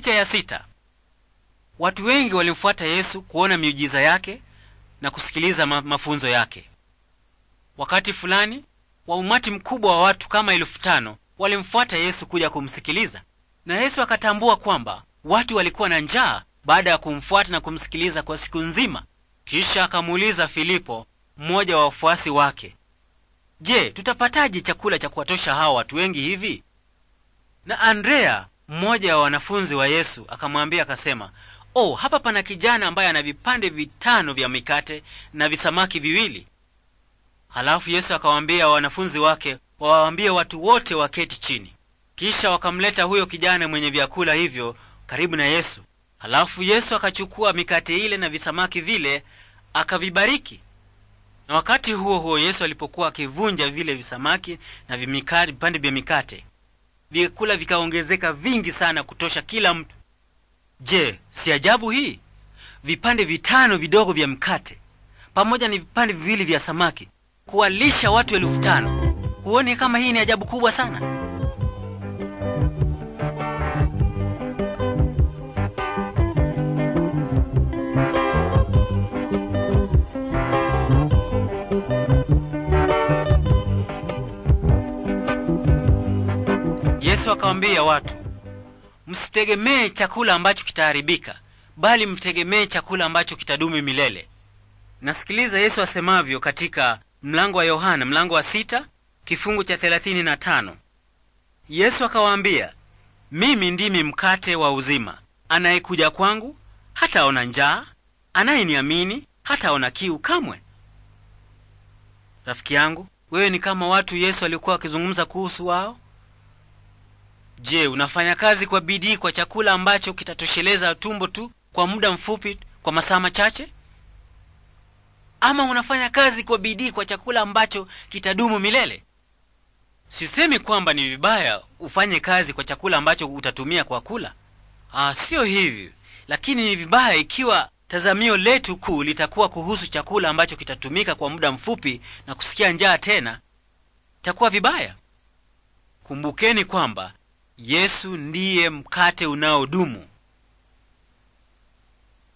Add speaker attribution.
Speaker 1: Picha ya sita. Watu wengi walimfuata Yesu kuona miujiza yake na kusikiliza ma mafunzo yake. Wakati fulani wa umati mkubwa wa watu kama elfu tano walimfuata Yesu kuja kumsikiliza, na Yesu akatambua kwamba watu walikuwa na njaa baada ya kumfuata na kumsikiliza kwa siku nzima. Kisha akamuuliza Filipo, mmoja wa wafuasi wake, je, tutapataje chakula cha kuwatosha hawa watu wengi hivi? Na Andrea mmoja wa wanafunzi wa Yesu akamwambia akasema, oh, hapa pana kijana ambaye ana vipande vitano vya mikate na visamaki viwili. Halafu Yesu akawaambia wanafunzi wake wawaambie watu wote waketi chini. Kisha wakamleta huyo kijana mwenye vyakula hivyo karibu na Yesu. Halafu Yesu akachukua mikate ile na visamaki vile akavibariki. Na wakati huo huo Yesu alipokuwa akivunja vile visamaki na vipande vya mikate vyakula vikaongezeka vingi sana kutosha kila mtu. Je, si ajabu hii? Vipande vitano vidogo vya mkate pamoja na vipande viwili vya samaki kuwalisha watu elfu tano. Huoni kama hii ni ajabu kubwa sana? Yesu akawaambia watu, msitegemee chakula ambacho kitaharibika, bali mtegemee chakula ambacho kitadumu milele. Nasikiliza Yesu asemavyo katika mlango wa Yohana mlango wa sita kifungu cha thelathini na tano. Yesu akawaambia, mimi ndimi mkate wa uzima, anayekuja kwangu hataona njaa, anayeniamini hataona kiu kamwe. Rafiki yangu, wewe ni kama watu Yesu alikuwa akizungumza kuhusu wao. Je, unafanya kazi kwa bidii kwa chakula ambacho kitatosheleza tumbo tu kwa muda mfupi, kwa masaa machache? Ama unafanya kazi kwa bidii kwa chakula ambacho kitadumu milele? Sisemi kwamba ni vibaya ufanye kazi kwa chakula ambacho utatumia kwa kula. Ah, sio hivyo, lakini ni vibaya ikiwa tazamio letu kuu litakuwa kuhusu chakula ambacho kitatumika kwa muda mfupi na kusikia njaa tena, itakuwa vibaya. Kumbukeni kwamba Yesu ndiye mkate unaodumu.